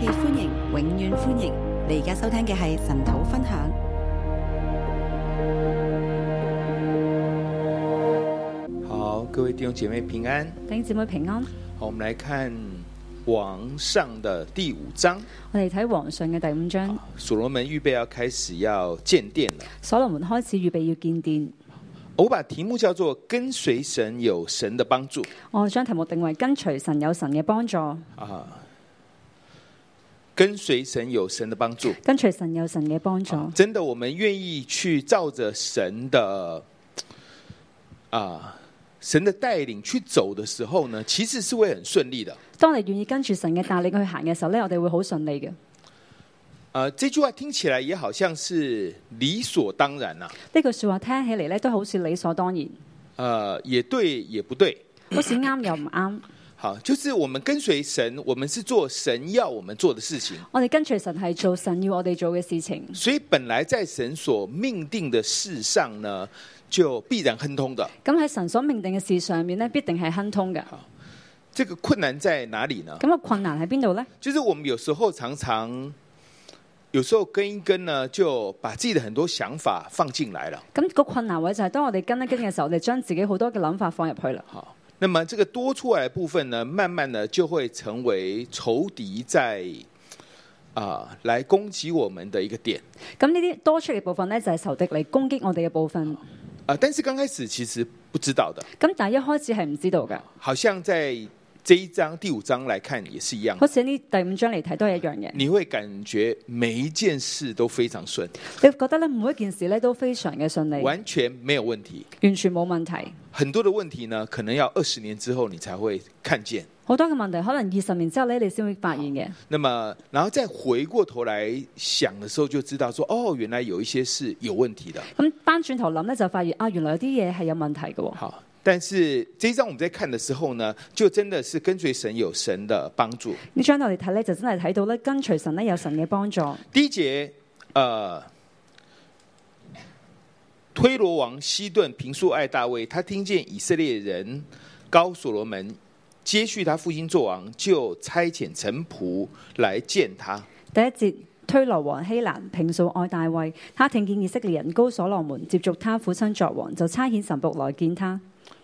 歡迎，永遠歡迎！你而家收聽嘅係神徒分享。好，各位弟兄姐妹平安，弟兄姊妹平安。好，我們來看王上嘅第五章。我哋睇王上嘅第五章。所羅門預備要開始要建殿啦。所羅門開始預備要建殿。我把題目叫做跟隨神有神的幫助。我將題目定為跟隨神有神嘅幫助。啊。跟隨神有神的幫助，跟隨神有神嘅幫助，啊。真的，我們願意去照着神的啊，神的帶領去走的時候呢，其實是會很順利的。當你願意跟住神嘅帶領去行嘅時候呢，我哋會好順利嘅。啊，這句話聽起來也好像是理所當然啦，啊。呢句說話聽起嚟呢，都好似理所當然。呃，也對，也不對， 好似啱又唔啱。好，就是我們跟隨神，我們是做神要我們做的事情。我哋跟隨神係做神要我哋做嘅事情。所以本來在神所命定的事上呢，就必然亨通的。咁喺神所命定嘅事上面呢，必定係亨通的。好，這個困難在哪裏呢？咁個困難喺邊度呢？就是我們有時候常常，有時候跟一跟呢，就把自己的很多想法放進來了。咁個困難位就係當我哋跟一跟嘅時候，我哋將自己好多嘅諗法放入去啦。好。那麼這個多出來的部分呢，慢慢呢就會成為仇敵在啊、呃、來攻擊我們的一個點。咁呢啲多出嘅部分呢，就係仇敵嚟攻擊我哋嘅部分。但是剛開始其實不知道的。咁但係一開始係唔知道㗎。好像在。這一章第五章來看也是一樣，好似呢第五章嚟睇都係一樣嘅。你會感覺每一件事都非常順，你覺得呢，每一件事呢都非常嘅順利，完全沒有問題，完全冇問題。很多的問題呢，可能要二十年之後你才會看見，好多嘅問題可能二十年之後呢，你先會發現嘅。那麼然後再回過頭來想嘅時候，就知道說，哦，原來有一些是有問題的。咁翻轉頭諗呢，就發現啊，原來有啲嘢係有問題嘅。但是呢章我們在看的時候呢，就真的是跟隨神有神的幫助。呢章我哋睇呢，就真係睇到呢，跟隨神呢，有神嘅幫助。第一節，呃，推羅王希頓平素愛大衛，他聽見以色列人高所羅門接續他父親做王，就差遣臣僕來見他。第一節，推羅王希蘭平素愛大衛，他聽見以色列人高所羅門接觸他父親作王，就差遣神僕來見他。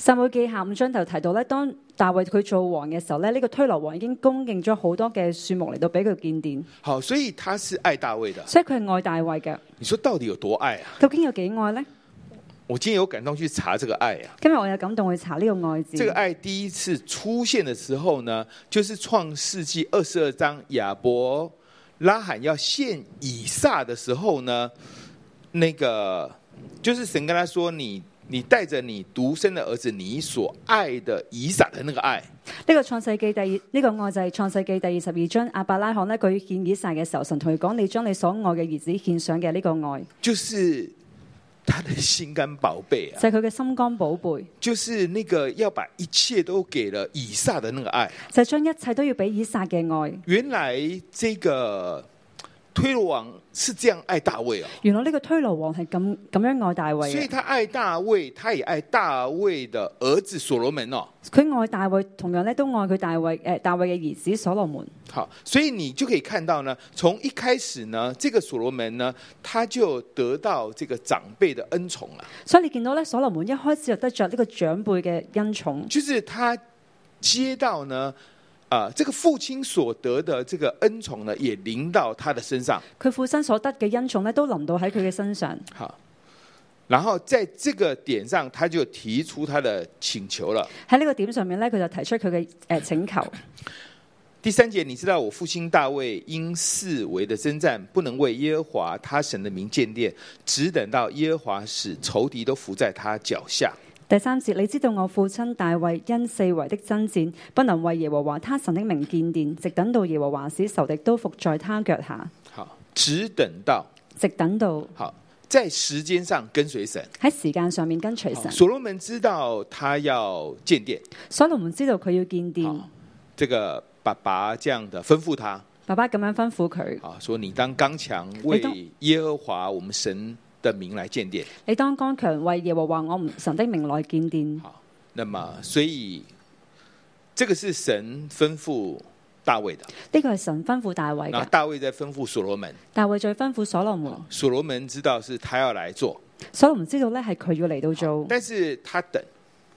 聖會記下午章頭提到咧，當大衛佢做王嘅時候咧，呢、這個推羅王已經供應咗好多嘅樹木嚟到俾佢見殿。好，所以他是愛大衛嘅，所以佢係愛大衛嘅。你說到底有多愛啊？究竟有幾愛呢？我今天有感動去查這個愛啊！今日我有感動去查呢個愛字。這個愛第一次出現的時候呢，就是創世紀二十二章亞伯拉罕要獻以撒的時候呢，那個就是神跟他說你。你帶着你獨生的兒子，你所愛的以撒的那個愛。呢個創世記第二，呢個愛就係創世記第二十二章阿伯拉罕呢，佢獻以撒嘅時候，神同佢講：你將你所愛嘅兒子獻上嘅呢個愛。就是他的心肝寶貝啊！就係佢嘅心肝寶貝。就是那個要把一切都給了以撒的那個愛。就將一切都要俾以撒嘅愛。原來這個推羅王。是這樣愛大衛啊。原來呢個推羅王係咁咁樣愛大衛，所以他愛大衛，他也愛大衛的兒子所羅門哦。佢愛大衛，同樣咧都愛佢大衛誒、呃，大衛嘅兒子所羅門。好，所以你就可以看到呢，從一開始呢，這個所羅門呢，他就得到這個長輩的恩寵啦。所以你見到呢，所羅門一開始就得着呢個長輩嘅恩寵，就是他接到呢。啊，這個父親所得的這個恩寵呢，也臨到他的身上。佢父親所得嘅恩寵呢，都臨到喺佢嘅身上。好，然後在這個點上，他就提出他的請求了。喺呢個點上面呢，佢就提出佢嘅呃請求。第三節，你知道我父親大衛因四圍的征戰，不能為耶和華他神的名建殿，只等到耶和華使仇敵都伏在他腳下。第三節，你知道我父親大衛因四圍的爭戰，不能為耶和華他神的名建殿，直等到耶和華使仇敵都伏在他腳下。好，只等到，直等到。好，在時間上跟隨神。喺時間上面跟隨神。所羅門知道他要建殿，所羅門知道佢要建殿。這個爸爸這樣的吩咐他，爸爸咁樣吩咐佢，啊，說你當剛強為耶和華我們神。的名來建殿。你當剛強為耶和華我唔神的名來建殿。好，那麼所以這個是神吩咐大衛的。呢個係神吩咐大衛。咁大衛再吩咐所羅門。大衛再吩咐所羅門。所羅門知道是他要來做。所羅門知道呢係佢要嚟到做，但是他等，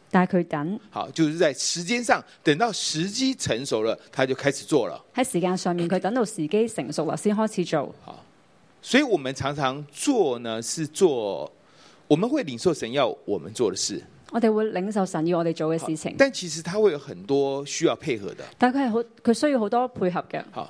但係佢等。好，就是在時間上等到時機成熟了，他就開始做啦。喺時間上面佢等到時機成熟啦先開始做。好所以我們常常做呢，是做我們會領受神要我們做的事。我哋會領受神要我哋做嘅事情。但其實他會有很多需要配合的。但佢係好，佢需要好多配合嘅。好。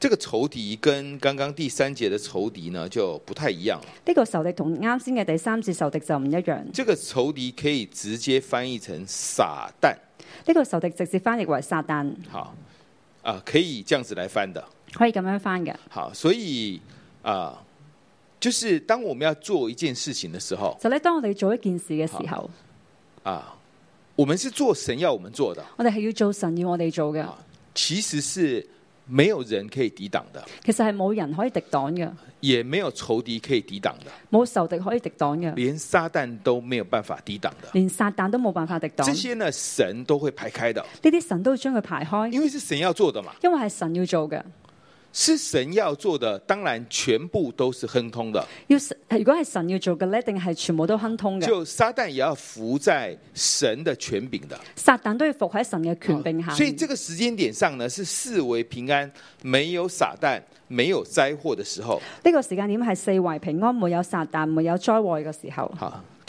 這個仇敵跟剛剛第三節的仇敵呢，就不太一樣了。呢個仇敵同啱先嘅第三節仇敵就唔一樣。這個仇敵可以直接翻譯成撒旦。呢個仇敵直接翻譯為撒旦。好，啊，可以這樣子來翻的。可以咁樣翻嘅。好，所以啊，就是當我們要做一件事情的時候，就咧，當我哋做一件事嘅時候，啊，我們是做神要我們做的。我哋係要做神要我哋做嘅。其實是。沒有人可以抵擋的，其實係冇人可以抵擋嘅，也沒有仇敵可以抵擋的，冇仇敵可以抵擋嘅，連撒旦都沒有辦法抵擋的，連撒旦都冇辦法抵擋。這些呢，神都會排開的，呢啲神都會將佢排開，因為是神要做的嘛，因為係神要做嘅。是神要做的，當然全部都是亨通的。要如果係神要做嘅咧，定係全部都亨通嘅。就撒旦也要伏在神的權柄的。撒旦都要伏喺神嘅權柄下，啊。所以這個時間點上呢，是四圍平安，沒有撒旦，沒有災禍的時候。呢、這個時間點係四圍平安，沒有撒旦，沒有災禍嘅時候。啊。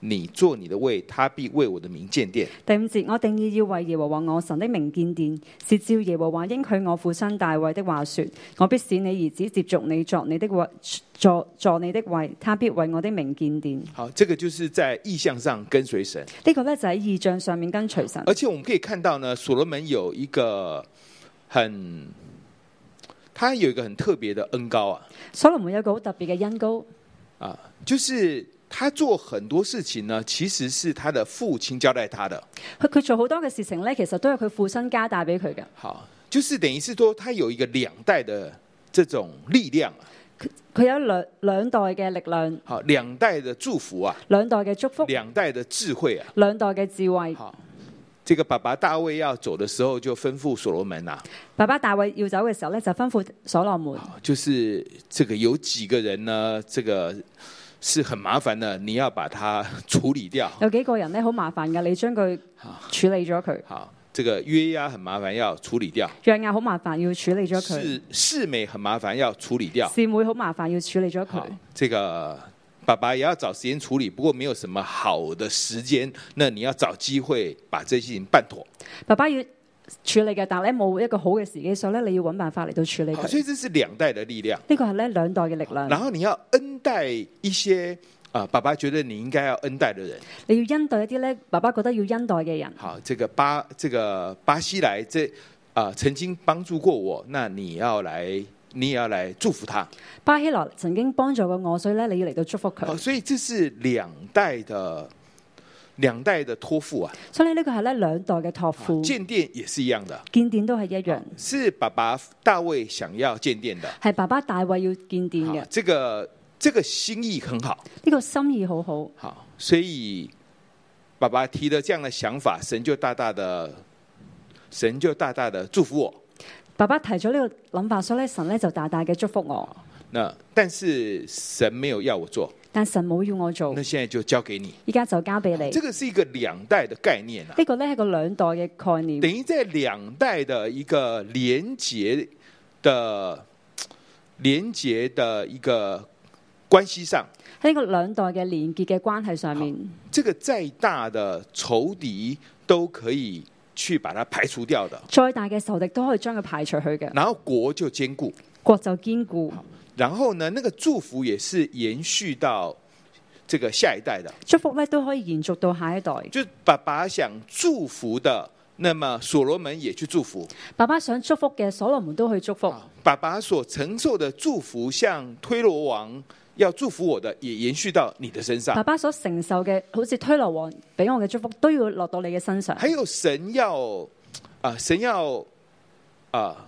你坐你的位，他必為我的名建殿。第五節，我定意要為耶和華我神的名建殿，是照耶和華應許我父親大衛的話說，我必使你兒子接續你作你的位，作作你的位，他必為我的名建殿。好，這個就是在意向上跟隨神。這個、呢個咧就喺、是、意象上面跟隨神。而且我們可以看到呢，所羅門有一個很，他有一個很特別的恩膏啊。所羅門有一個好特別嘅恩膏啊，啊就是。他做很多事情呢，其實是他的父親交代他的。佢佢做好多嘅事情呢，其實都係佢父親交代俾佢嘅。好，就是等於是說，他有一個兩代的這種力量啊。佢佢有兩兩代嘅力量。好，兩代的祝福啊。兩代嘅祝福。兩代的智慧啊。兩代嘅智慧。好，這個爸爸大衛要走的時候就吩咐所羅門啦、啊。爸爸大衛要走嘅時候呢，就吩咐所羅門。好，就是這個有幾個人呢？這個。是很麻煩的，你要把它處理掉。有幾個人呢？好麻煩㗎，你將佢處理咗佢。好，這個約壓很麻煩，要處理掉。約壓好麻煩，要處理咗佢。是，四妹很麻煩，要處理掉。四妹好麻煩，要處理咗佢。這個爸爸也要找時間處理，不過沒有什麼好的時間，那你要找機會把這些事情辦妥。爸爸要。處理嘅，但係咧冇一個好嘅時機，所以咧你要揾辦法嚟到處理佢、哦。所以這是兩代嘅力量。呢個係咧兩代嘅力量。然後你要恩待一些啊，爸爸覺得你應該要恩待的人。你要恩待一啲咧，爸爸覺得要恩待嘅人。好，這個巴，這個巴西來，這、呃、啊曾經幫助過我，那你要來，你也要來祝福他。巴西來曾經幫助過我，所以咧你要嚟到祝福佢、哦。所以這是兩代的。兩代的托付啊，所以呢個係呢兩代嘅托付。建、啊、殿也是一樣的，建殿都係一樣、啊。是爸爸大衛想要建殿的，係爸爸大衛要建殿嘅、啊。這個這個心意很好，呢、這個心意好好。好、啊，所以爸爸提咗這樣的想法，神就大大的神就大大的祝福我。爸爸提咗呢個諗法，所以神呢就大大嘅祝福我。那但是神沒有要我做。神母要我做，那現在就交給你。依家就交俾你、哦。這個是一個兩代的概念啦。呢個咧係個兩代嘅概念，等於在兩代的一個連結的連結的一個關係上。喺呢個兩代嘅連結嘅關係上面，這個再大嘅仇敵都可以去把它排除掉的。再大嘅仇敵都可以將佢排除去嘅，然後國就堅固，國就堅固。然後呢，那個祝福也是延續到這個下一代的祝福呢，都可以延續到下一代。就爸爸想祝福的，那麼所羅門也去祝福。爸爸想祝福嘅，所羅門都去祝福。爸爸所承受的祝福，像推羅王要祝福我的，也延續到你的身上。爸爸所承受嘅，好似推羅王俾我嘅祝福，都要落到你嘅身上。還有神要啊、呃，神要啊。呃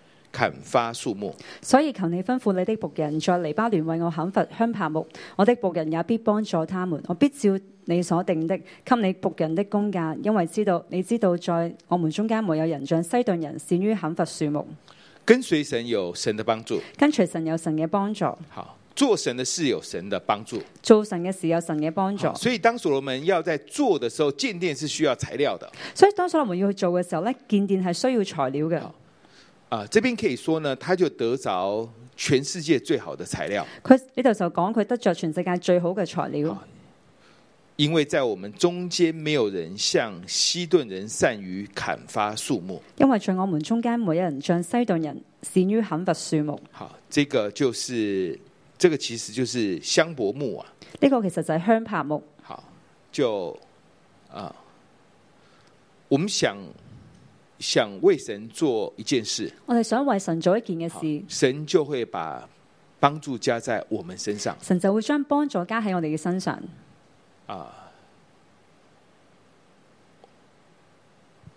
砍伐樹木，所以求你吩咐你的僕人，在黎巴嫩為我砍伐香柏木。我的僕人也必幫助他們。我必照你所定的，給你僕人的工價，因為知道你知道，在我們中間沒有人像西頓人善於砍伐樹木。跟隨神有神的幫助，跟隨神有神嘅幫助。好，做神的事有神的幫助，做神嘅事有神嘅幫助。所以當所羅門要在做的時候，建殿是需要材料的。所以當所羅門要去做嘅時候呢，建殿係需要材料嘅。啊，這邊可以說呢，他就得着全世界最好的材料。佢呢度就講佢得着全世界最好嘅材料。因為在我們中間沒有人像西頓人善於砍伐樹木。因為在我們中間沒有人像西頓人善於砍伐樹木。好，這個就是，這個其實就是香柏木啊。呢個其實就係香柏木。好，就啊，我們想。想為神做一件事，我哋想為神做一件嘅事，神就會把幫助加在我們身上，神就會將幫助加喺我哋嘅身上。啊！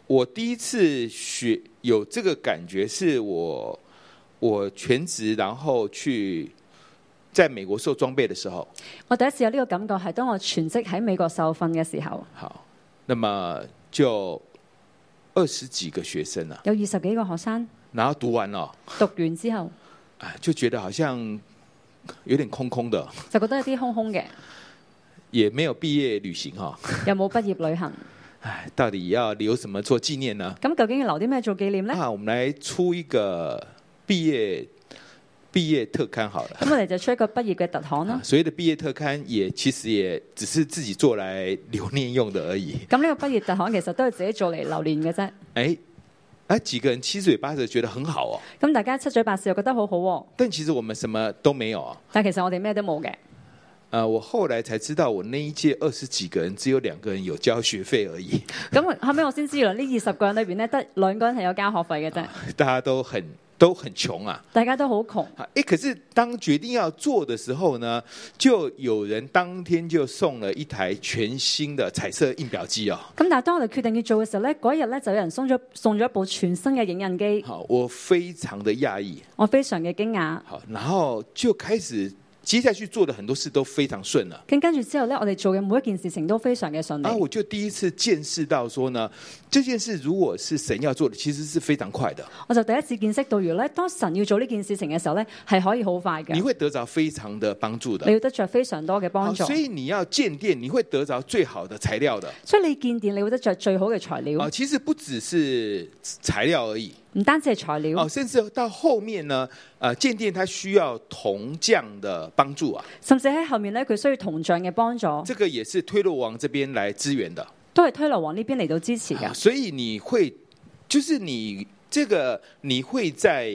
我第一次學有這個感覺，是我我全職然後去在美國受裝備的時候，我第一次有呢個感覺係當我全職喺美國受訓嘅時候。好，那麼就。二十幾個學生啊，有二十幾個學生，然後讀完了、哦、讀完之後，就覺得好像有點空空的，就覺得一啲空空嘅，也沒有畢業旅行哈、哦，有冇畢業旅行？ 唉，到底要留什麼做紀念呢？咁究竟要留啲咩做紀念呢？好、啊，我們來出一個畢業。畢業特刊好了，咁我哋就出一個畢業嘅特刊啦、啊。所謂的畢業特刊也，也其實也只是自己做嚟留念用的而已。咁呢個畢業特刊其實都係自己做嚟留念嘅啫。誒、哎，誒、啊，幾個人七嘴八舌覺得很好哦。咁大家七嘴八舌又覺得好好、哦，但其實我們什麼都沒有啊。但其實我哋咩都冇嘅、啊。我後來才知道，我那一屆二十幾個人，只有兩個人有交學費而已。咁後尾我先知道，呢二十個人裏邊呢，得兩個人係有交學費嘅啫、啊。大家都很。都很窮啊，大家都好窮。誒，可是當決定要做的時候呢，就有人當天就送了一台全新的彩色印表機啊、哦。咁但係當我哋決定要做嘅時候呢，嗰日呢，就有人送咗送咗一部全新嘅影印機。好，我非常的訝異，我非常嘅驚訝。好，然後就開始。接下去做的很多事都非常順了。跟跟住之後呢，我哋做嘅每一件事情都非常嘅順利。啊，我就第一次見識到說呢，這件事如果是神要做的，其實是非常快的。我就第一次見識到，如呢當神要做呢件事情嘅時候呢，是可以好快的。你會得着非常的幫助的。你要得着非常多嘅幫助。啊，所以你要建電，你會得着最好的材料的。所以你建電，你會得着最好嘅材料。啊，其實不只是材料而已。唔單止係材料，哦，甚至到後面呢，誒、啊，鑑定他需要銅匠的幫助啊！甚至喺後面呢，佢需要銅匠嘅幫助。這個也是推羅王這邊來支援的，都係推羅王呢邊嚟到支持嘅，啊。所以，你會，就是你，這個，你會在。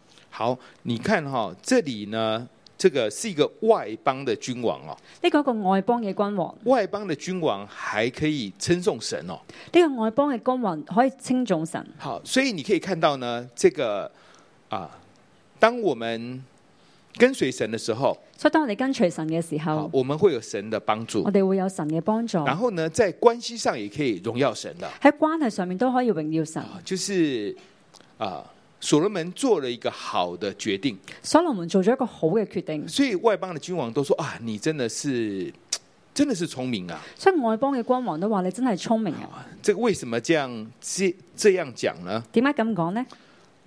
好，你看哈、哦，這裏呢，這個是一個外邦的君王哦。呢個一個外邦嘅君王，外邦的君王還可以稱頌神哦。呢、這個外邦嘅君王可以稱頌神。好，所以你可以看到呢，這個啊，當我們跟隨神的時候，所以當我哋跟隨神嘅時候，我們會有神的幫助，我哋會有神嘅幫助。然後呢，在關係上也可以榮耀神的，喺關係上面都可以榮耀神、啊。就是啊。所羅門做了一個好的決定。所羅門做咗一個好嘅決定，所以外邦的君王都說：啊，你真的是，真的是聰明啊！所以外邦嘅君王都話你真係聰明啊！啊這個、為什麼這樣這這樣講呢？點解咁講呢？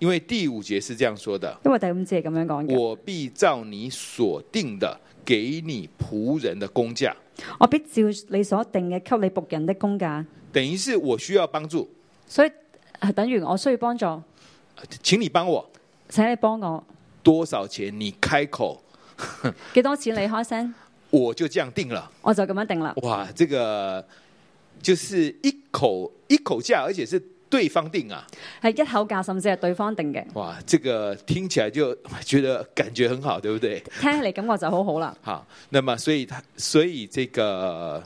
因為第五節是這樣說的。因為第五節係咁樣講。我必照你所定的，給你僕人的工價。我必照你所定嘅，給你僕人的工價。等於是我需要幫助，所以、啊、等於我需要幫助。請你幫我，請你幫我，多少錢你開口？幾多錢你開聲？ 我就這樣定了，我就咁樣定了。哇，這個就是一口一口價，而且是對方定啊，係一口價，甚至係對方定嘅。哇，這個聽起來就覺得感覺很好，對不對？聽嚟感覺就好好了。好，那麼所以他所以這個。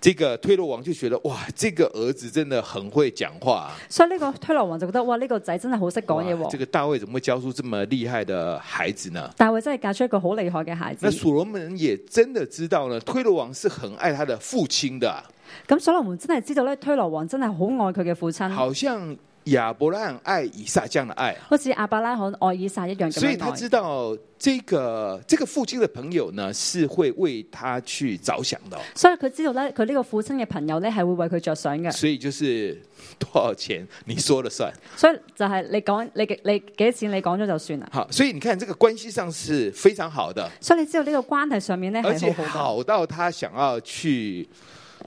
這個推羅王就覺得，哇，這個兒子真的很會講話，啊。所以呢個推羅王就覺得，哇，呢個仔真係好識講嘢，啊。哇！這個大衛怎麼會教出這麼厲害的孩子呢？大衛真係教出一個好厲害嘅孩子。那所羅門也真的知道呢，推羅王是很愛他的父親的。咁所羅門真係知道呢，推羅王真係好愛佢嘅父親。好像。亞伯蘭愛以撒這樣的愛，好似亞伯拉罕愛以撒一樣。所以他知道這個這個父親的朋友呢，是會為他去着想的。所以佢知道呢，佢呢個父親嘅朋友呢，係會為佢着想嘅。所以就是多少錢你說了算。所以就係你講你幾你幾多錢，你講咗就算啦。好，所以你看這個關係上是非常好的。所以你知道呢個關係上面呢，而且好到他想要去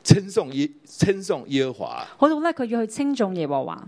稱頌耶稱頌耶和華。好到咧，佢要去稱頌耶和華。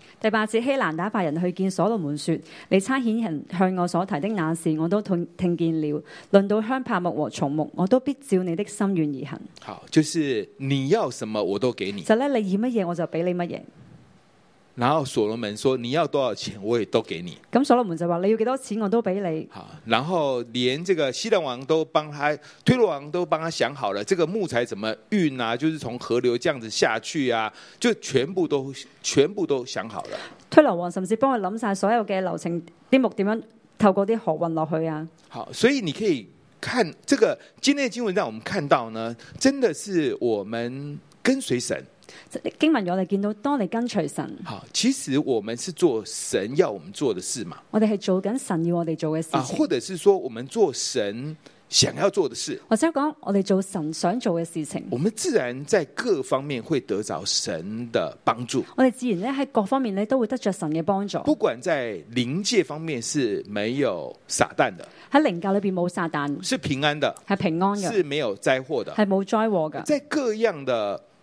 第八節，希蘭打發人去見所羅門，說：你差遣人向我所提的那事，我都聽聽見了。論到香柏木和松木，我都必照你的心願而行。好，就是你要什麼我都給你。就咧，你要乜嘢我就俾你乜嘢。然後所羅門說：你要多少錢？我也都給你。咁所羅門就話：你要幾多錢？我都俾你。好，然後連這個西蘭王都幫他推羅王都幫他想好了，這個木材怎麼運啊？就是從河流這樣子下去啊，就全部都全部都想好了。推羅王甚至幫佢諗晒所有嘅流程，啲木點樣透過啲河運落去啊？好，所以你可以看這個今天的經文，讓我們看到呢，真的是我們跟隨神。經文我哋見到，當你跟隨神，好，其實我們是做神要我們做的事嘛。我哋係做緊神要我哋做嘅事啊，或者是說我們做神想要做的事，或者講我哋做神想做嘅事情，我們自然在各方面會得着神的幫助。我哋自然咧喺各方面咧都會得着神嘅幫助，不管在靈界方面是沒有撒旦的，喺靈教裏邊冇撒旦，是平安的，係平安嘅，是沒有災禍的，係冇災禍嘅，在各樣的。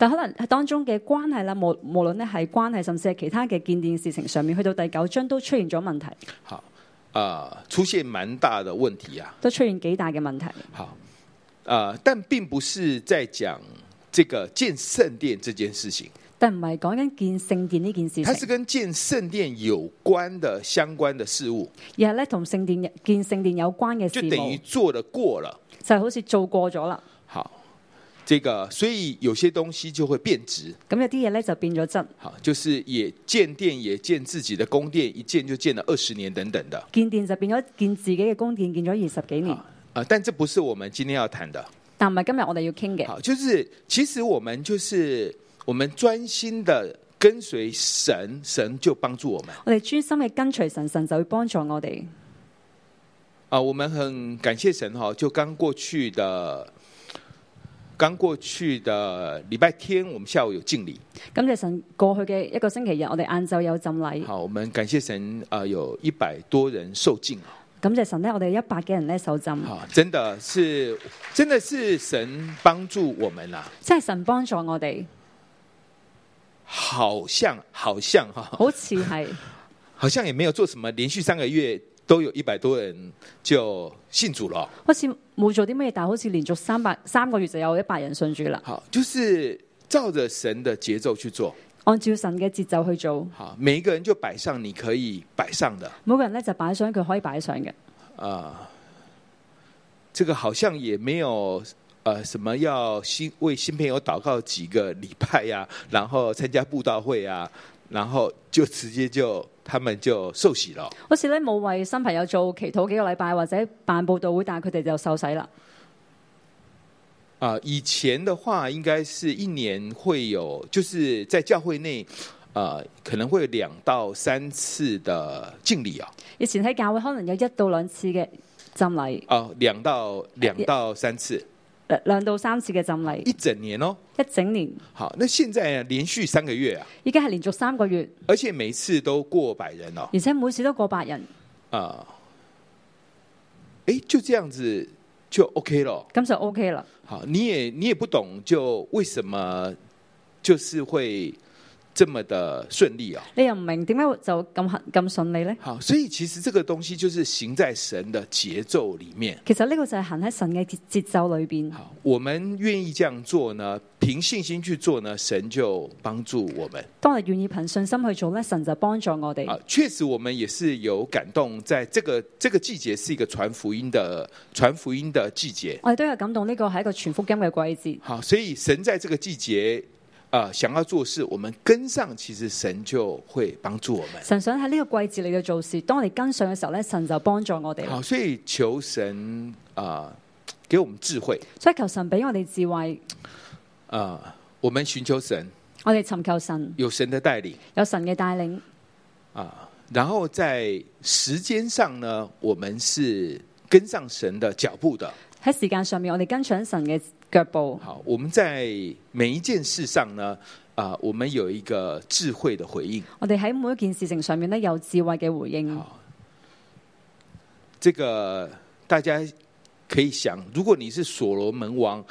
但可能當中嘅關係啦，無無論咧係關係，甚至係其他嘅建殿事情上面，去到第九章都出現咗問題。好，啊、呃，出現蠻大嘅問題啊，都出現幾大嘅問題。好，啊、呃，但並不是在講這個建聖殿這件事情，但唔係講緊建聖殿呢件事情，它是跟建聖殿有關的、相關的事物，而係咧同聖殿建聖殿有關嘅事，就等於做得過了，就係好似做過咗啦。好。這個所以有些東西就會變質，咁有啲嘢呢，就變咗質，好，就是也建殿也建自己的宮殿，一建就建了二十年等等的。建殿就變咗建自己嘅宮殿，建咗二十幾年，啊，但這不是我們今天要談的，但唔係今日我哋要傾嘅，好，就是其實我們就是我們專心的跟隨神，神就幫助我們，我哋專心嘅跟隨神，神就會幫助我哋，啊，我們很感謝神，哈，就剛過去的。剛過去的禮拜天，我們下午有敬禮。感謝神，過去嘅一個星期日，我哋晏晝有浸禮。好，我們感謝神，啊、呃，有一百多人受浸啊。感謝神呢，我哋一百幾人呢，受浸。啊，真的是，真的是神幫助我們啦、啊。真係神幫助我哋。好像，好像，哈、啊，好似係，好像也沒有做什麼，連續三個月。都有一百多人就信主啦，好似冇做啲咩，但好似連續三百三個月就有一百人信主啦。好，就是照着神的節奏去做，按照神嘅節奏去做。好，每一個人就擺上你可以擺上的，每個人呢，就擺上佢可以擺上嘅。啊，這個好像也沒有，呃，什麼要新為新朋友禱告幾個禮拜呀、啊，然後參加布道會啊，然後就直接就。他們就受洗咯，好似咧冇為新朋友做祈禱幾個禮拜或者辦布道會，但係佢哋就受洗啦。啊，以前的話應該是一年會有，就是在教會內，呃，可能會有兩到三次的敬禮啊。以前喺教會可能有一到兩次嘅浸禮。哦，兩到兩到三次。兩到三次嘅浸禮，一整年咯、哦，一整年。好，那現在連續三個月啊，已經係連續三個月，而且每次都過百人咯、哦，而且每次都過百人。啊、呃，誒，就這樣子就 OK 咯，咁就 OK 啦。好，你也你也不懂，就為什麼就是會？這麼的順利啊、哦！你又唔明點解就咁咁順利呢？好，所以其實這個東西就是行在神的節奏裏面。其實呢個就係行喺神嘅節奏裏邊。好，我們願意這樣做呢，憑信心去做呢，神就幫助我們。當日願意憑信心去做呢，神就幫助我哋。啊，確實我們也是有感動，在這個這個季節是一個傳福音的傳福音的季節。我哋都有感動，呢、這個係一個傳福音嘅季節。好，所以神在這個季節想要做事，我們跟上，其實神就會幫助我們。神想喺呢個季節嚟到做事，當我哋跟上嘅時候咧，神就幫助我哋。好，所以求神啊、呃，給我們智慧。所以求神俾我哋智慧。啊，我們尋求神，我哋尋求神，有神的帶領，有神嘅帶領。啊，然後在時間上呢，我們是跟上神的腳步的。喺時間上面，我哋跟上神嘅腳步。好，我們在每一件事上呢，啊，我們有一個智慧的回應。我哋喺每一件事情上面呢，有智慧嘅回應。這個大家可以想，如果你是所羅門王，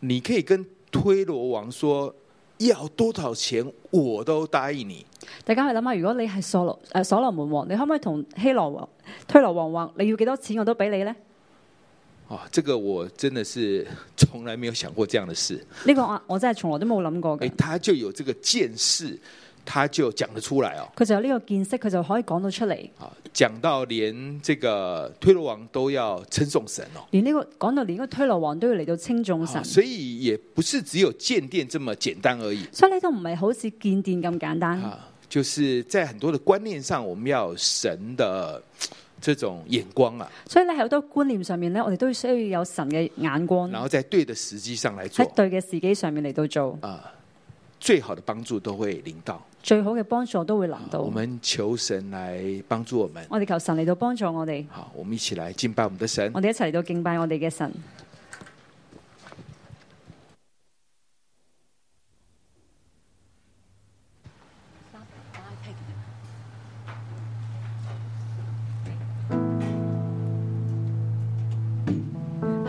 你可以跟推羅王說，要多少錢我都答應你。大家去諗下，如果你係所羅誒所羅門王，你可唔可以同希羅王、推羅王話你要幾多錢我都俾你呢？這個我真的是從來沒有想過這樣的事。呢、這個我，我真係從來都冇諗過嘅、哎。他就有這個見識，他就講得出來哦。佢就有呢個見識，佢就可以講得出來。講到連這個推羅王都要稱頌神哦。連呢、這個講到連個推羅王都要嚟到稱頌神、哦，所以也不是只有見殿這麼簡單而已。所以你都唔係好似見殿咁簡單。啊，就是在很多的觀念上，我們要神的。這種眼光啊，所以咧喺好多觀念上面咧，我哋都需要有神嘅眼光，然後在對的時機上來做，喺對嘅時機上面嚟到做啊，最好的幫助都會領到，最好嘅幫助都會攞到。我們求神來幫助我們，我哋求神嚟到幫助我哋。好、啊，我們一起來敬拜我們的神，我哋一齊嚟到敬拜我哋嘅神。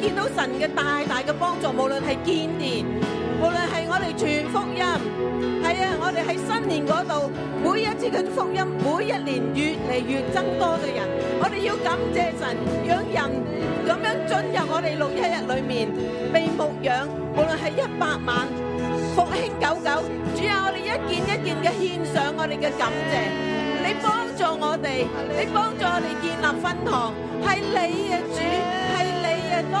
見到神嘅大大嘅幫助，無論係見年，無論係我哋傳福音，係啊，我哋喺新年度每一次嘅福音，每一年越嚟越增多嘅人，我哋要感謝神，讓人咁樣進入我哋六一日裏面被牧養，無論係一百萬復興久久，主啊，我哋一件一件嘅獻上我哋嘅感謝，你幫助我哋，你幫助我哋建立分堂，係你啊！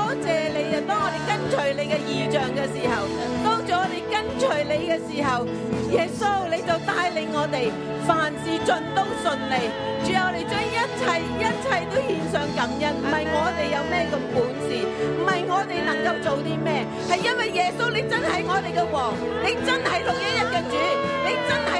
多謝，謝你啊！當我哋跟隨你嘅異象嘅時候，當住我哋跟隨你嘅時候，耶穌你就帶領我哋凡事盡都順利，最後嚟將一切一切都獻上感恩。唔係我哋有咩咁本事，唔係我哋能夠做啲咩，係因為耶穌你真係我哋嘅王，你真係獨一嘅主，你真係。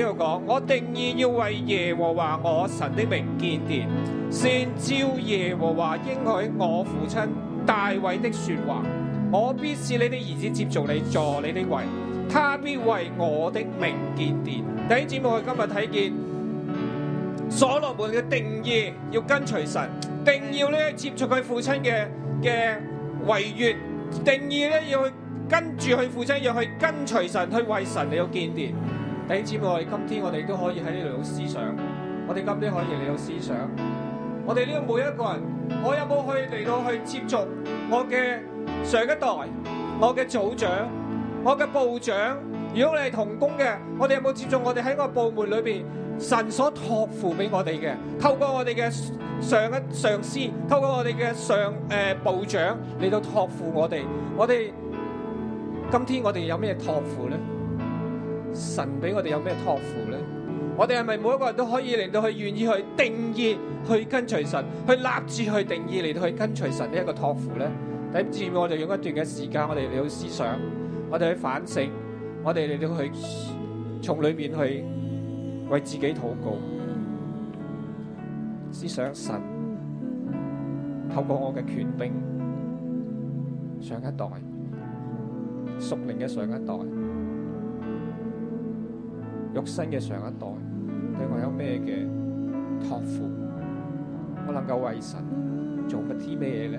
呢度講，我定義要為耶和華我神的名建殿，先照耶和華應許我父親大衛的說話，我必使你的兒子接續你坐你的位，他必為我的名建殿。弟兄姊妹，我今日睇見所羅門嘅定義要跟隨神，定要咧接續佢父親嘅嘅遺願，定義咧要，要，要去跟住佢父親，要去跟隨神，去為神你要建殿。喺我哋今天我哋都可以喺呢度有思想。我哋今天可以嚟到思想。我哋呢度每一個人，我有冇可以嚟到去接觸我嘅上一代，我嘅組長，我嘅部長。如果我哋係同工嘅，我哋有冇接觸我哋喺個部門裏邊神所託付俾我哋嘅？透過我哋嘅上一上司，透過我哋嘅上誒、呃、部長嚟到託付我哋。我哋今天我哋有咩託付咧？神俾我哋有咩託付咧？我哋係咪每一個人都可以令到佢願意去定義去跟隨神，去立志去定義嚟到去跟隨神呢一個託付咧？第一次我哋用一段嘅時間，我哋嚟到思想，我哋去反省，我哋嚟到去從裏面去為自己禱告，思想神透過我嘅權柄，上一代屬靈嘅上一代。肉身嘅上一代對我有咩嘅託付？我能夠為神做唔知咩呢？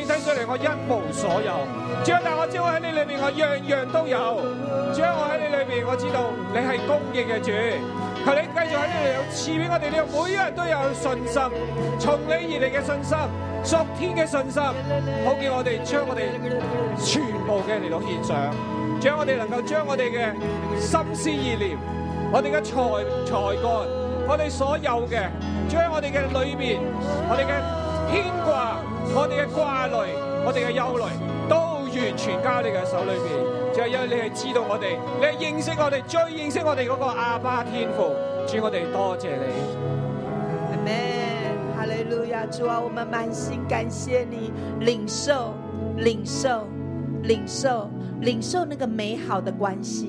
天生出嚟我一無所有，長大我知我喺你裏面我樣樣都有。將我喺你裏面我知道你係公義嘅主，求你繼續喺呢度，邊賜俾我哋，讓每一日都有信心，從你而嚟嘅信心，屬天嘅信心，好叫我哋將我哋全部嘅嚟到獻上，將我哋能夠將我哋嘅心思意念，我哋嘅才才幹，我哋所有嘅，將我哋嘅裏面，我哋嘅。牽掛我哋嘅掛慮，我哋嘅憂慮，都完全交你嘅手裏邊。就係、是、因為你係知道我哋，你係認識我哋，最認識我哋嗰個阿爸天父。主我哋多謝，謝你。阿門，哈利路亞！主啊，我們滿心感謝你，領受，領受，領受，領受那個美好的關係，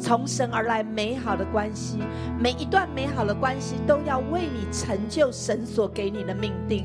從神而來美好的關係，每一段美好的關係都要為你成就神所給你的命定。